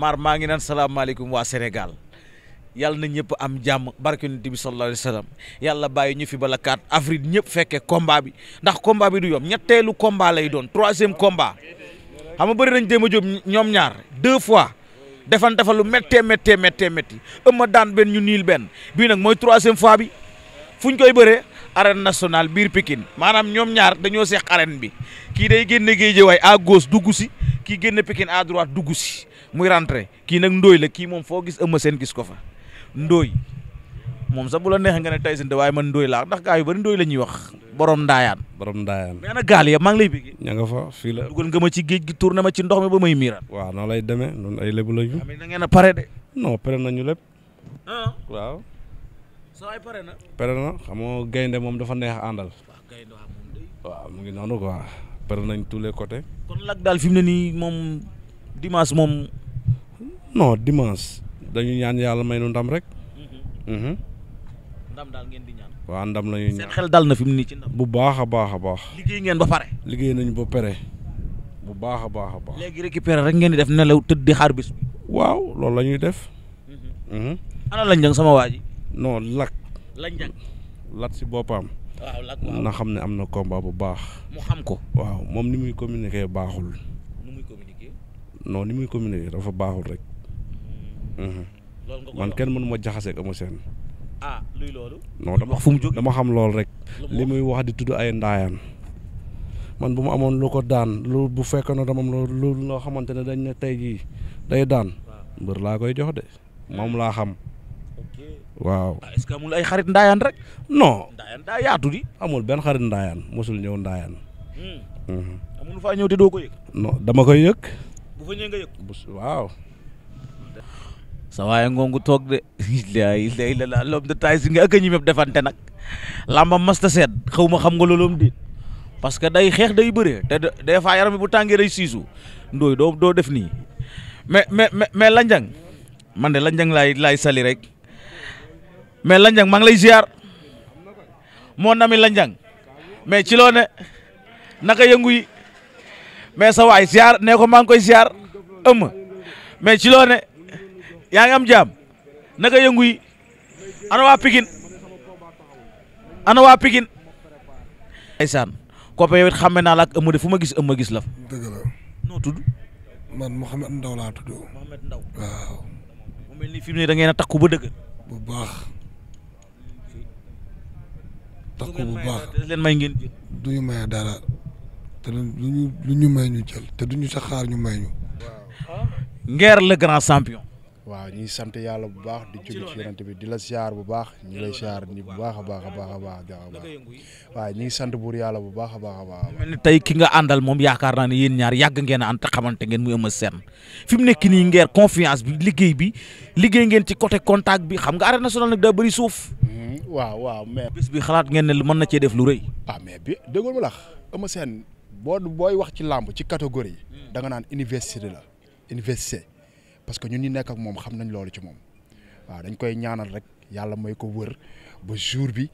Amar maa ngi naan salaamaaleykum waa Sénégal yàlla na ñëpp am jàmm barke Yonent bi sallallahu alayhi wa sallam yàlla bàyyi ñu fi bala 4 avril ñëpp fekkee combat bi ndax combat bi du yomb ñetteelu combat lay doon troisième combat xam ma bëri nañ Demba Diop ñoom ñaar deux fois defan dafa lu méttee méttee méttee métti ëmma daan benn ñu niil benn bii nag mooy troisième fois bi fuñ koy bëree. arène nationale biir Pikine maanaam ñoom ñaar dañoo seex arène bi kii day génne Guédiawaye à gauche dugg si kii génne Pikine à droite dugg si muy rentré kii nag ndooy la kii moom foo gis ëmma seen gis ko fa ndooy moom sax bu la neexee nga ne Tyson de waaye man ndooy laa ndax gaa yu ndooy la ñuy wax borom ndaayaan borom ndaayaan mais nag gaal ya maa lay bégg ña nga fa fii la dugal nga ma ci géej gi tourné ma ci ndox mi ba may miiral waaw noo lay demee noonu ay lébu la ñu na ngeen a pare de non pare nañu lépp ah. waaw pare na pare na xam nga gaynde moom dafa neex àndal waaw mu ngi noonu ko pare nañ tous les côtés. kon Lac daal fi mu ne nii moom dimanche moom. non dimanche dañu ñaan yàlla may nu ndam rek. Mhm. Mhm. ndam daal ngeen di ñaan. waaw ndam la ñuy ñaan xel dal na fi mu nii ci ndam. bu baax a baax a baax. liggéey ngeen ba pare. liggéey nañu ba pere bu baax a baax a baax. léegi récupérer rek ngeen di def nelaw tëdd di xaar bis bi. waaw loolu lañuy def. Mhm. ana lañ jàng sama waa ji. non Lac lañ lat si boppam. waaw na xam ne am na komba bu baax. mu xam ko waaw moom ni muy communiquer baaxul. ni muy communiquer. non ni dafa baaxul rek. Hmm. Mhm. man kenn mënuma ma ko Eumeu Sène. ah loolu. non dama fu mu jóg dama xam loolu rek. li muy wax di tudd ay ndaayaan. man bu mu amoon lu ko daan lu bu fekkoon ne dama am lu loo xamante ne dañ ne tey jii day daan. mbër laa koy jox de moom laa xam. waaw ah, est-ce que amul ay xarit ndaayaan rek non ndaayaan daa yaatu di amul benn xarit ndaayaan mosul ñëw ndaayaan hmm. mhm. amul faa ñëw te doo ko yëg non dama koy yëg bu fa ñëw nga yëg waaw sa waaye ngoongu toog de lay lay la laa loom de taay si nga ñi mépp defante nag lamba masta seet xaw ma xam nga looloom di parce que day xeex day bëree te des fois yaram bu tàngee day siisu ndooy doo def nii mais mais mais lanjang man de lanjang laay laay sali rek mais Landiang maa ngi lay ziar moo nami Landiang mais ci loo naka yëngu yi mais sa waay ziar nee ko maa ngi koy ziar ëmm mais ci loo yaa ngi am jaam naka yëngu yi ana waa Pikine ana waa Pikine ndeysaan koppe yow it naa la ak de fu ma gis ëmm gis la dëgg la noo tudd tax ko bu baax leen may ngeen jël du ñu maye dara te duñu lu ñu may ñu jël te duñu sax xaar ñu may ñu Nguer le grand champion waaw ñuy sant yàlla bu baax di julli ci yonent bi di la siyaar bu baax ñu lay siyaar ni bu baax a baax a baax a baax a baax waaw ñu ngi sant buur yàlla bu baax a baax a baax mel ni tey ki nga àndal moom yaakaar naa ne yéen ñaar yàgg ngeen a ànd xamante ngeen muy Eumeu Sène fi mu nekk nii Nguer confiance bi liggéey bi liggéey ngeen ci côté contact bi xam nga arène nationale nag daa bëri suuf waaw waaw mais. bis bi xalaat ngeen ne mën na cee def lu rëy. ah mais bi déggoo mu lax Eumeu boo booy wax ci làmb ci catégorie hmm. da nga naan université la université parce que ñun ñi nekk ak moom xam nañ loolu ci moom waaw dañ koy ñaanal rek yàlla may ko wër ba jour bi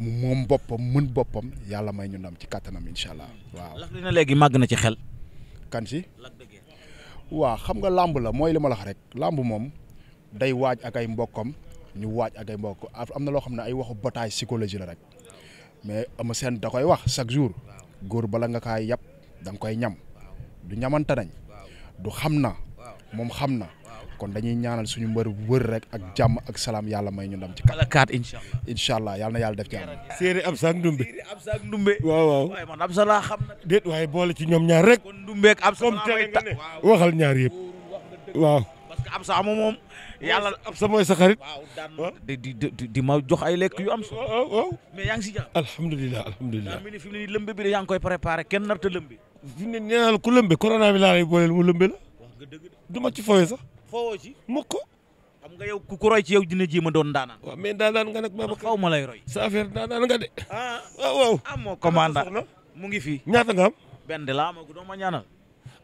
mu moom boppam mën boppam yàlla may ñu ndam ci kattanam incha allah waaw. lax dina léegi màgg na ci xel. kan si. waaw xam nga làmb la mooy li ma la rek làmb moom day waaj ak ay mbokkam ñu waaj ak ay mbokk am na loo xam ne ay waxu bataille psychologie la rek mais ama seen da koy wax chaque jour góor bala nga kaay yàpp da nga koy ñam du ñamante nañ du xam na moom xam na kon dañuy ñaanal suñu mbër wër rek ak jàmm ak salaam yàlla may ñu ndam ci kàddu incha allah yàlla na yàlla def jàmm. séeréer ab saak ndumbe ab saak ndumbe. waaw waaw xam waaye boole ci ñoom ñaar rek. kon ak ab waxal ñaar yëpp waaw. am sa amu moom yàlla am sa mooy sa xarit waaw daan ah. di di ma jox ay lekk yu am soo waaw ah, ah, mais yaa ngi si jàmm alhamdulilah alhamdulilah mi ne fi mu bi de yaa koy préparé kenn narta lëmbe fi mu ne nee naa la ku lëmbe corona bi laa lay booleel la wax nga dëgg du ma ci fooyee sax foowoo ci mukk xam nga yow ku ko roy ci yow dina jéem a doon daanaan waaw mais daanaan nga nag Babacar xaw ma lay roy sa affaire daanaan nga de ah waaw mu ngi fii ñaata nga am benn de laa a ko ñaanal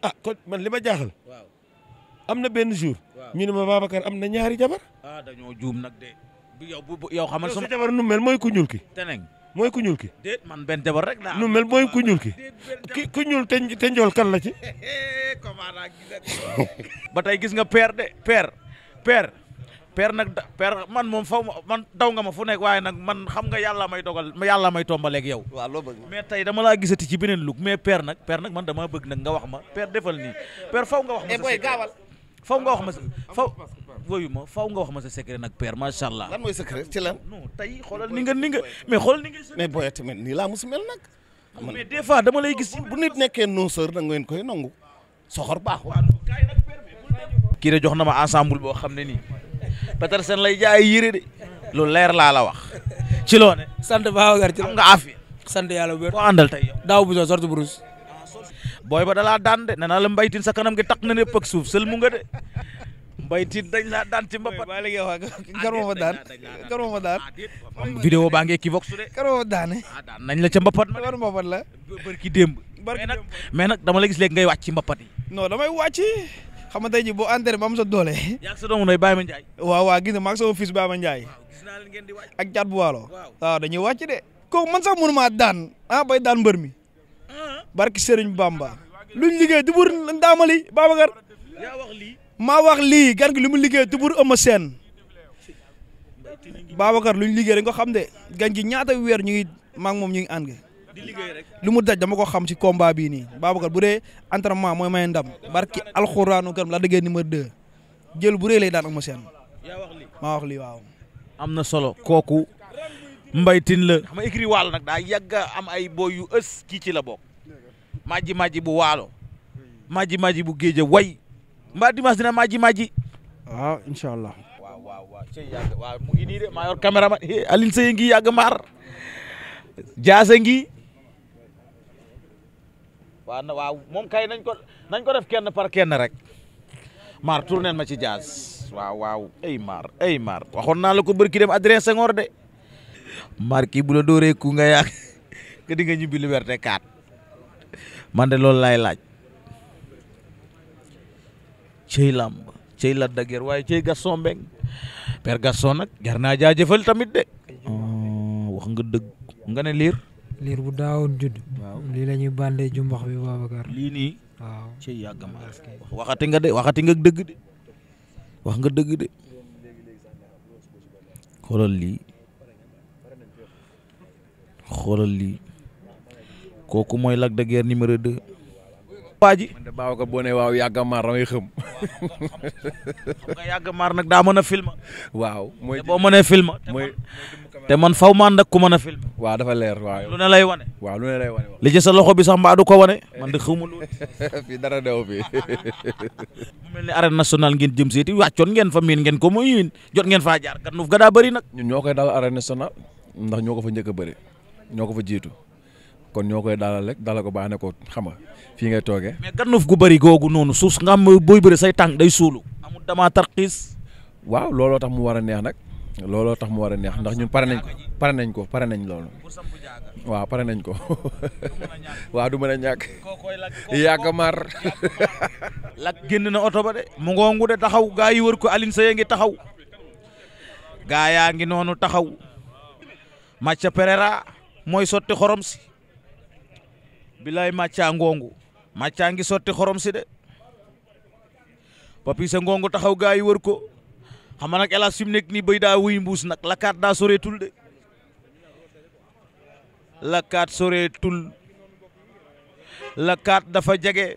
ah kon man li ma jaaxal am na benn jour. ñu ne ma Babacar am na ñaari jabar. ah dañoo juum nag de. yow bu yow xamal sama jabar nu mel mooy ku ñuul ki. teneng mooy ku ñuul ki. déet benn jabar rek laa. nu mel mooy ku ñuul ki. ku ñuul te te njool kan la ci. ba tey gis nga père de père père. père nag père man moom faw ma man daw nga ma fu nekk waaye nag man xam nga yàlla may dogal yàlla may tombaleeg yow. waaw loo tey dama laa gisati ci beneen lug mais peer nag père nag man damaa bëg nag nga wax ma père defal nii père faw nga wax ma eh, sa faw nga wax ma sa faw woyu ma faw nga wax ma sa secret nag macha allah. lan mooy secret ci lan. non tey xoolal ni nga ni nga mais ni nga. mais booy tamit nii laa mos mel nag. mais des fois dama lay gis bu nit nekkee nooseur da ween koy nangu soxor baax kii de jox na ma ensemble boo xam ne nii Petersen lay jaay yére de lu leer laa la wax ci loone sant Babacar ci am nga affaire sant yàlla bu wér. koo àndal daaw bu soo sorti brousse. booy ba dalaa daan de nee naa la mbaytin sa kanam gi tax na népp ak suuf sël mu nga de mbaytin dañ laa daan ci mbapat ba léegi wax ah, fa daan kan ah, baa ngi Equivox de kan moo fa daan ah, daan nañ la ca mbapat ma war mbapat la barki démb mais nag mais nag dama la gis léegi ngay wàcc ci mbapat yi non damay wàcc xam nga tey jii boo entraîné ba am sa doole. sa doomu ndey Baye Ma Ndiaye. waaw waaw gis nga maa ngi sama fils Baye Ma Ndiaye. ak cat bu waalo. waaw dañuy wàcc de. kooku man sax mënu maa daan a bay daan mbar mi. barki Serigne Bamba luñ liggéey du bur ndaamali Babacar maa wax lii gan gi lu mu liggéey du bur Eumeu Sène luñ liggéey rek nga xam de gan gi ñaata weer ñu ngi maa ngi moom ñu ngi ànd lu mu daj dama ko xam si combat bii nii Babacar bu dee entraînement mooy may ndam barki alxuraanu karim la déggee numéro 2 jël bu rëy lay daan Eumeu Sène maa wax lii waaw. am na solo kooku mbaytin la. xam am ay boy yu ës ci la bokk. majji majji bu waalo majji majji bu géej way mbaa dimanche dina majji majji ah, waaw incha allah waaw waaw waaw sëy waaw mu ngi nii de maa yor caméra man eh, Alioune Seye ngi yàgg maar jaase ngi waaw na waaw moom kay nañ ko nañ ko def kenn par kenn rek maar tourneel ma ci jaas waaw waaw ay maar ay maar waxoon naa la ko bërki dem adresse Senghor de maar kii bu la dooree ku nga yàq nga di nga man de loolu laay laaj cëy làmb cëy Lac de waaye cëy Gaston Mbengue père Gaston nag jar naa jaajëfal tamit de oh, wax nga dëgg nga ne liir liir bu daawoon judd lii la ñuy bàndee jumbax wi Babacar lii nii waaw cëy yàgg waxati nga de dëgg de wax nga dëgg de xoolal lii xoolal lii kooku mooy Lac de Guiers numéro 2. waa ji man de waaw yàgg maar damay xëm. nag daa mën a film. waaw mooy boo mënee film. mooy te man faw ma ànd ak ku man a film. waaw dafa leer waaw. lu ne lay wane. waaw lu ne lay sa loxo bi sax mbaa ko wane. man de xawma lu fii dara dew fi. mel ni arène nationale ngeen jëm seeti wàccoon ngeen fa miin ngeen ko muy miin jot ngeen faa jaar kat nuuf ga daa bëri nag. ñoo koy dal arène nationale ndax ñoo ko fa njëkk a bëri ñoo ko fa jiitu. kon ñoo koy daalal rek dalal ko baax ne ko xam nga fii ngay toogee. mais gannuf gu bari googu noonu suus nga xam booy bëri say tànk day suulu. amul damaa tarxiis. waaw looloo tax mu war a neex nag. looloo tax mu war a neex ndax ñun pare nañ ko pare nañ ko pare nañ loolu waaw pare nañ ko waaw du mën a ñàkk yàgg mar lak génn na oto ba mu ngoongu de taxaw gaa yi wër ko Alioune Seye ngi taxaw gaa yaa ngi noonu taxaw Macha Pereira mooy sotti xorom si bilaay màccaa ngongu màccaa ngi sotti xorom si de Papis sa ngongu taxaw gaa yi wër ko xam nag hélas fi nekk nii béy daa wuy mbuus nag lakkaat daa soreetul de lakkaat soreetul lakkaat dafa jege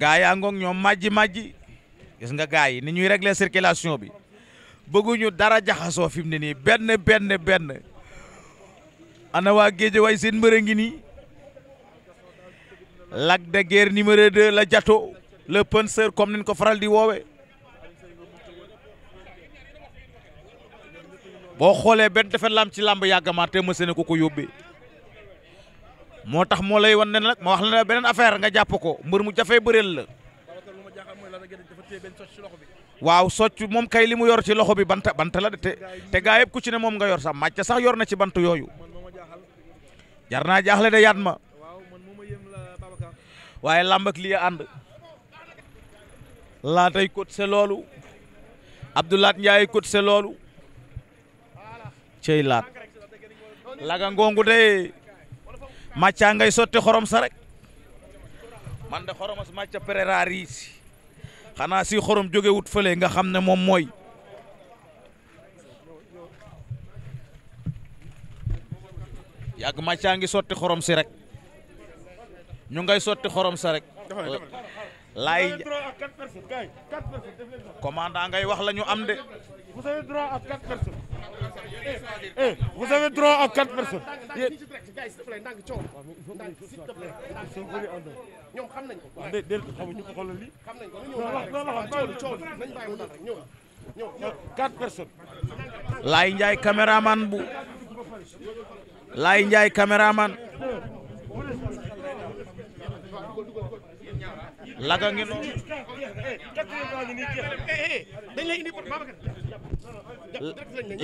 gaa yaa ngong ñoom màjji gis nga gaa yi ni ñuy régler circulation bi bëgguñu dara jaxasoo fi mu ne nii benn benn benn ana waa géej waay seen mbër nii Lac de Guiers numéro 2 la jato le penseur comme niñ ko faral di woowe boo xoolee benn defe lam ci làmb yàggamaa ma seene ne ko ko yóbbee moo tax moo lay wan ne nag ma wax la beneen affaire nga jàpp ko mbër mu jafee bëreel la waaw socc moom kay li mu yor ci loxo bi bant bant la de te te gaa yëpp ku ci ne moom nga yor sax màcc sax yor na ci bant yooyu jar naa jaaxle de yaat ma waaye làmb ak lii ànd laatay kot se loolu Abdoulaat Ndiaye kot se loolu cey laat laga ngongu de màccaa ngay sotti xorom sa rek man de xoromas màcca préraar xanaa si xorom jóge wut fële nga xam ne moom mooy yàgg màccaa ngi sotti xorom si rek ñu ngay sotti xorom sa rek laay ngay wax lañu am de vous avez droit à quatre personnes nañ ko del xamuñu ko xoolal njaay caméraman bu laga ngi noonu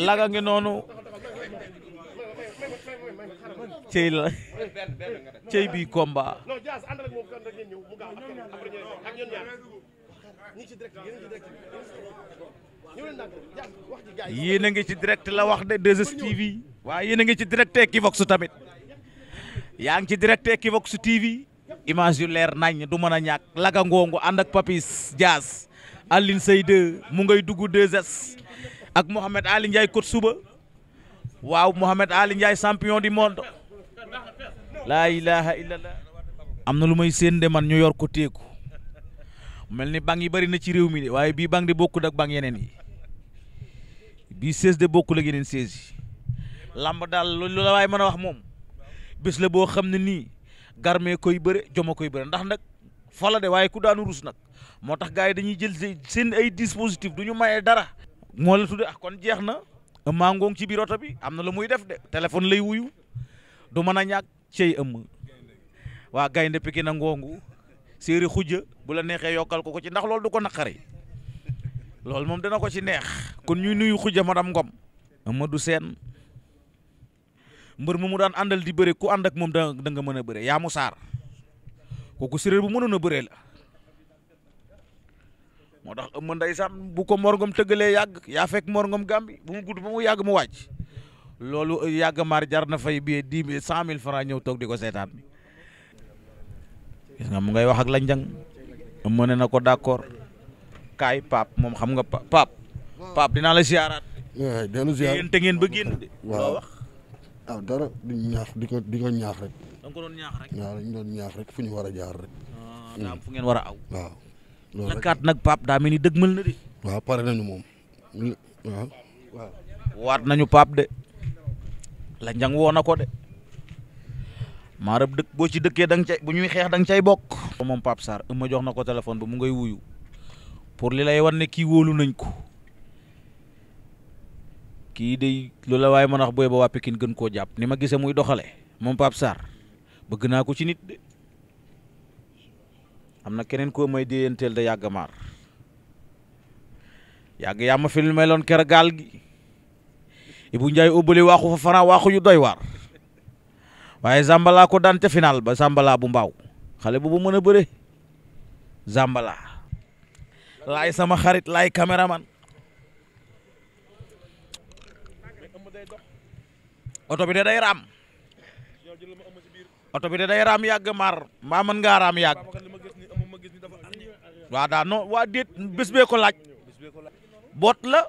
laga ngi noonu cey la cey bi combat yéen a ngi ci direct la wax de 2STV waaye a ngi ci direct Equivox tamit yaa ngi ci direct Equivox TV image yu leer nañ du mën a ñàkk Laga Ngongu ànd ak Papis Diaz Aline Seyde mu ngay dugg 2S ak Mohamed Ali Ndiaye kot suba waaw Mohamed Ali Ndiaye champion du monde laa ilaha illallah am na lu may seen de man ñu yor ko mel ni bang yi bari na ci réew mi de waaye bii bang di bokkul ak bang yeneen yi bii sées de bokkul ak yeneen sées yi lamb daal lu la waaye mën a wax moom bés la boo xam ne nii garmee koy bëre joma koy bëre ndax nag fala de waaye ku daanu rus nag moo tax gars yi dañuy jël seen ay dispositif du ñu mayee dara moo la tudde ah kon jeex na ëmmaa ngoon ci biir oto bi am na lu muy def de téléphone lay wuyu du mën a ñàkk cey ëmm waa gaynde piki na ngoongu séeri xujja bu la neexee yokkal ko ko ci ndax loolu du ko naqari loolu moom dana ko ci neex kon ñuy nuyu xuja xujja madame Ngom Amadou seen mbër mu mu daan àndal di bëre ku ànd moom da nga mën a bëre Yaamu saar kooku séréer bu mënoon a bëree la moo tax ëmb ndeysaan bu ko morngom tëggalee yàgg yaa fekk morngom gàmbi bu mu gudd ba mu yàgg mu wàcc loolu eh, yàgg maar jar na fay bi dix mille cent mille franc ñëw toog di ko seetaan mi nga mu ngay wax ak lanjang ëmb ne na ko d'accord kaay pap moom xam nga pap pap dinaa la siyaaraat eh, dellu siyaar ngeen te ngeen ba génn de waaw ah, dara duñ ñaax di ko di ko ñaax rek. da nga ko doon ñaax rek. waaw dañ doon ñaax rek fu ñu war a jaar rek. Ah, hmm. daa am fu ngeen war a aw. waaw loolu rek la kaat nag Pape daa mel ni dëgmal na de. waaw pare nañu moom. waaw waaw. waat nañu Pape de. la njang woo na ko de. maarab dëkk boo ci dëkkee da nga cay bu ñuy xeex da nga cay bokk. moom Pape Sarr ma jox na ko téléphone ba mu ngay wuyu pour li lay wan ne kii wóolu nañ ko. kii day lu la waaye mën a wax booy ba waa Pikine gën koo jàpp ni ma gisee muy doxale moom Pape saar bëgg naa ko ci nit de am na keneen koo may déyanteel da yàgg maar yàgg yaa ma meloon ker gaal gi Ibou Ndiaye ubbali waaxu fa Franc waaxu yu doy waar waaye Zambala ko daan ca final ba sàmbalaa bu mbaaw xale boobu mën a bëre Zambala laay sama xarit laay caméraman oto bi de day raam oto bi de day raam yàgg maar mbaa mën ngaa raam yàgg waa daa non waa déet bés bee ko laaj boot la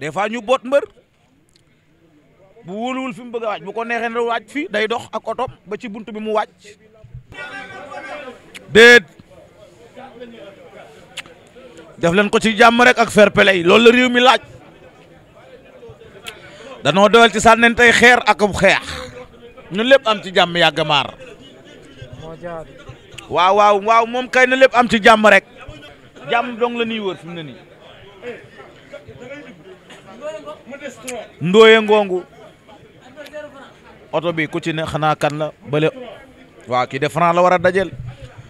des fois ñu boot mbër bu wóoluwul fi mu bëgg a waaj bu ko neexee na waaj fii day dox ak oto ba ci bunt bi mu waaj déet def leen ko ci jàmm rek ak fair play loolu la réew mi laaj danoo doyal ci sànnentey xeer akub xeex ñu lépp am ci jàmm yàgg maar waaw waaw moom kay na lépp am ci jàmm rek jàmm dong la ñuy wër fi ne nii ndooye ngongu oto bi ku ci ne xanaa kan la bële waaw kii de Franc la war a dajel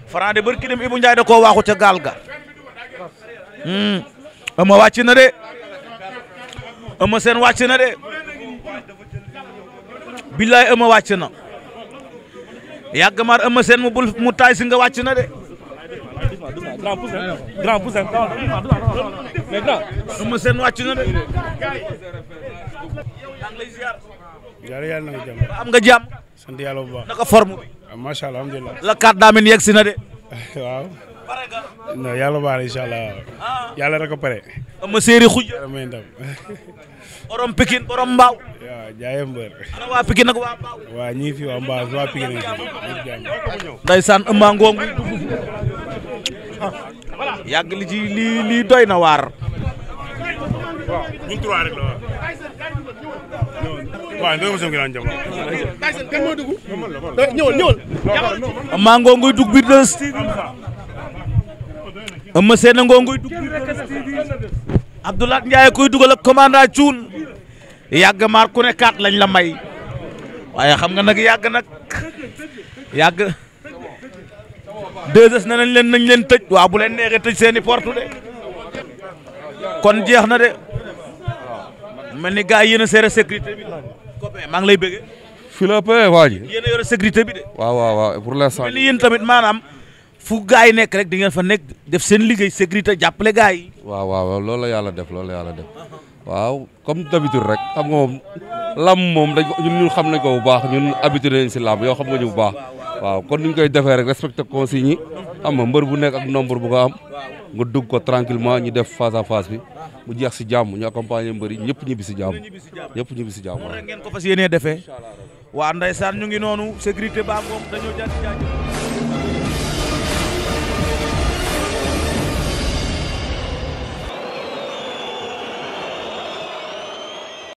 Franc de bër ki dem Ibou Ndiaye da koo waaxu ca gaal ga hmm. ama wàcc na de ama seen wàcc na de billaay ëma wàcc na yàgg maar ëma seen mu bul mu taay si nga wàcc na de grand poussin ëma wàcc na de yàlla yàlla na nga jàmm am nga jàmm sant yàlla bu baax naka forme bi ah, macha allah alhamdulilah la de non yàlla ah. yàlla rek a pare. ama séeri xuj. yàlla may ndam. borom Pikine borom Mbaaw. waaw jaayee mbër. waa Pikine ak waa Mbaaw. waa waa Mbaaw waa Pikine lañ fi. ndeysaan ëmba ngoongu. yàgg li ci lii lii doy na waar. waaw ñun trois rek la waaw. biir de. Eumeu Sène ngoo nguy dugg Abdoulaye Ndiaye koy dugal ak commandant Thioune yàgg maar ku kaat lañ la may waaye xam nga nag yàgg nag yàgg deux na nañ leen nañ leen tëj waa bu leen neexee tëj seeni porte de kon jeex na de mel ni gars yi yéen a seere sécurité bi copain maa ngi waa ji. yéen a yore maanaam. fu gars yi nekk rek di ngeen fa nekk def seen liggéey sécurité jàppale gaay yi. waaw waaw loolu la yàlla def loolu la yàlla def waaw comme d'habitude rek am nga moom lamb moom dañ ñun ñun xam nañ ko bu baax ñun habitué nañ si lamb yow xam nga ñu bu baax waaw kon ni ñu koy defee rek respecté consigne yi xam nga mbër bu nekk ak nombre bu nga am nga dugg ko tranquillement ñi def face à face bi mu jeex si jàmm ñu accompagner mbër yi ñëpp ñibbi si jàmm ñëpp ñibbi si jàmm. waaw ngeen ko fas yéenee defee. waa ndeysaan ñu ngi noonu